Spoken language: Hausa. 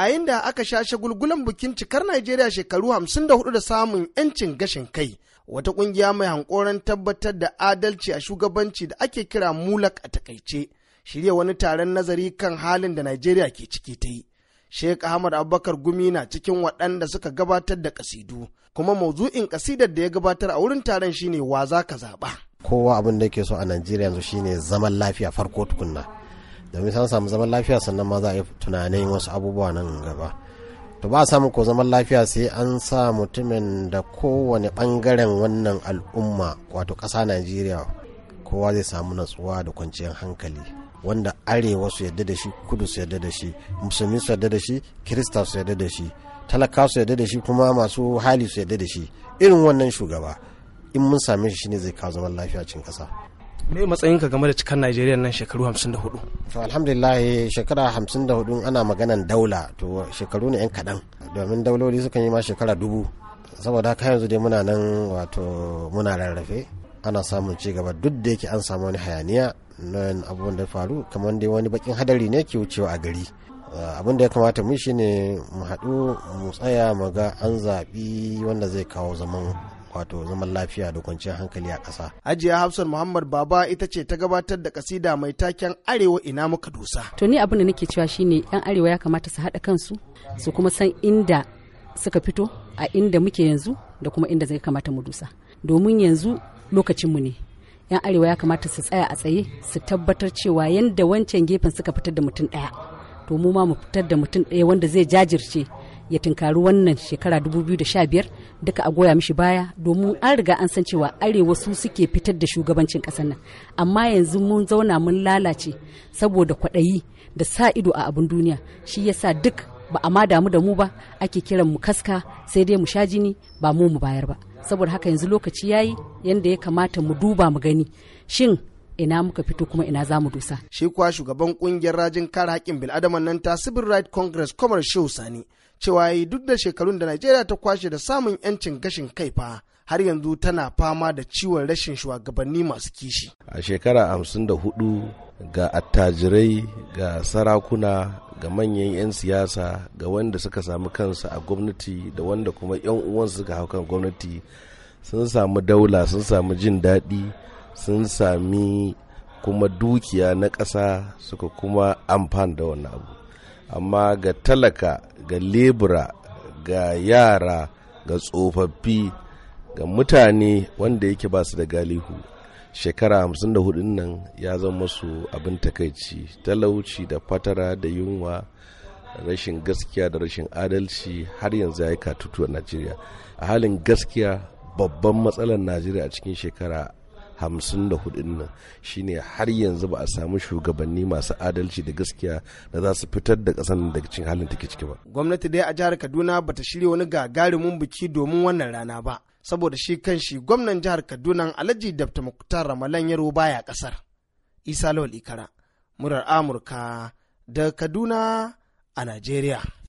a yayin da aka sha shagulgulan bikin cikar Najeriya shekaru 54 da samun 'yancin gashin kai. Wata ƙungiya mai hankoran tabbatar da adalci a shugabanci da ake kira mulak a takaice, shirya wani taron nazari kan halin da Najeriya ke ciki ta yi. Sheikh Ahmad Abubakar Gumi na cikin waɗanda suka gabatar da kasidu, kuma mauzu'in kasidar da ya gabatar a wurin taron shine wa za ka zaɓa. Kowa abin da yake so a Najeriya yanzu shine zaman lafiya farko tukunna. domin san samu zaman lafiya sannan ma za a yi tunanin wasu abubuwa nan gaba to ba a samu ko zaman lafiya sai an sa mutumin da kowane bangaren wannan al'umma wato ƙasa najeriya kowa zai samu natsuwa da kwanciyar hankali wanda arewa su yadda da shi kudu su yadda da shi musulmi su yadda da shi kirista su yadda da shi talaka su yadda da shi kuma masu hali su yadda da shi irin wannan shugaba in mun same shi shine zai kawo zaman lafiya cin kasa. me matsayinka game da cikan najeriya nan shekaru 54 to alhamdulillah shekara 54 ana maganan daula to shekaru ne yan kaɗan domin dauloli suka yi ma shekara dubu saboda haka yanzu dai muna nan wato muna rarrafe ana samun ci gaba duk da yake an samu wani hayaniya na abubuwan da faru kamar dai wani bakin hadari ne ke wucewa a gari abin da ya kamata mu ne mu haɗu mu tsaya mu ga an zaɓi wanda zai kawo zaman wato zaman lafiya da kwanciyar hankali a ƙasa. Ajiya Hafsat Muhammad Baba ita ce ta gabatar da kasida mai taken Arewa ina muka dusa. To ni abin da nake cewa shine yan Arewa ya kamata su haɗa kansu su kuma san inda suka fito a inda muke yanzu da kuma inda zai kamata mu dusa. Domin yanzu lokacinmu ne. 'Yan Arewa ya kamata su tsaya a tsaye su tabbatar cewa yadda wancan gefen suka fitar da mutum ɗaya. To mu ma mu fitar da mutum ɗaya wanda zai jajirce ya tunkari wannan shekara 2015 duka a goya mishi baya domin an riga an san cewa arewa su suke fitar da shugabancin ƙasar nan amma yanzu mun zauna mun lalace saboda kwaɗayi da sa ido a abin duniya shi yasa duk ba a ma damu da mu ba ake kiran mu kaska sai dai mu sha jini ba mu mu bayar ba saboda haka yanzu lokaci yayi yanda ya kamata mu duba mu gani shin ina muka fito kuma ina za mu dosa. Shi kuwa shugaban kungiyar rajin kare haƙƙin bil'adaman nan ta Civil Rights Congress Kwamar Shehu Sani cewa yi duk da shekarun da Najeriya ta kwashe da samun 'yancin gashin kai fa har yanzu tana fama da ciwon rashin shugabanni masu kishi. A shekara hamsin da hudu ga attajirai ga sarakuna ga manyan 'yan siyasa ga wanda suka samu kansa a gwamnati da wanda kuma 'yan uwansu suka hau kan gwamnati sun samu daula sun samu jin daɗi sun sami kuma dukiya na ƙasa suka kuma amfani da wannan abu amma ga talaka ga lebura ga yara ga tsofaffi ga mutane wanda yake ba su da galihu shekara 54 nan ya zama su abin takaici talauci da fatara da yunwa rashin gaskiya da rashin adalci har yanzu ya yi katutu a najeriya a halin gaskiya babban matsalar najeriya a cikin shekara hamsin da hudun nan shine har yanzu ba a samu shugabanni masu adalci da gaskiya da za su fitar da ƙasar daga cikin halin take ciki ba gwamnati dai a jihar kaduna bata shirya wani gagarumin biki domin wannan rana ba saboda shi kan shi gwamnan jihar kaduna alhaji dabta muktar ramalan yaro baya kasar isa lawal ikara murar amurka da kaduna a najeriya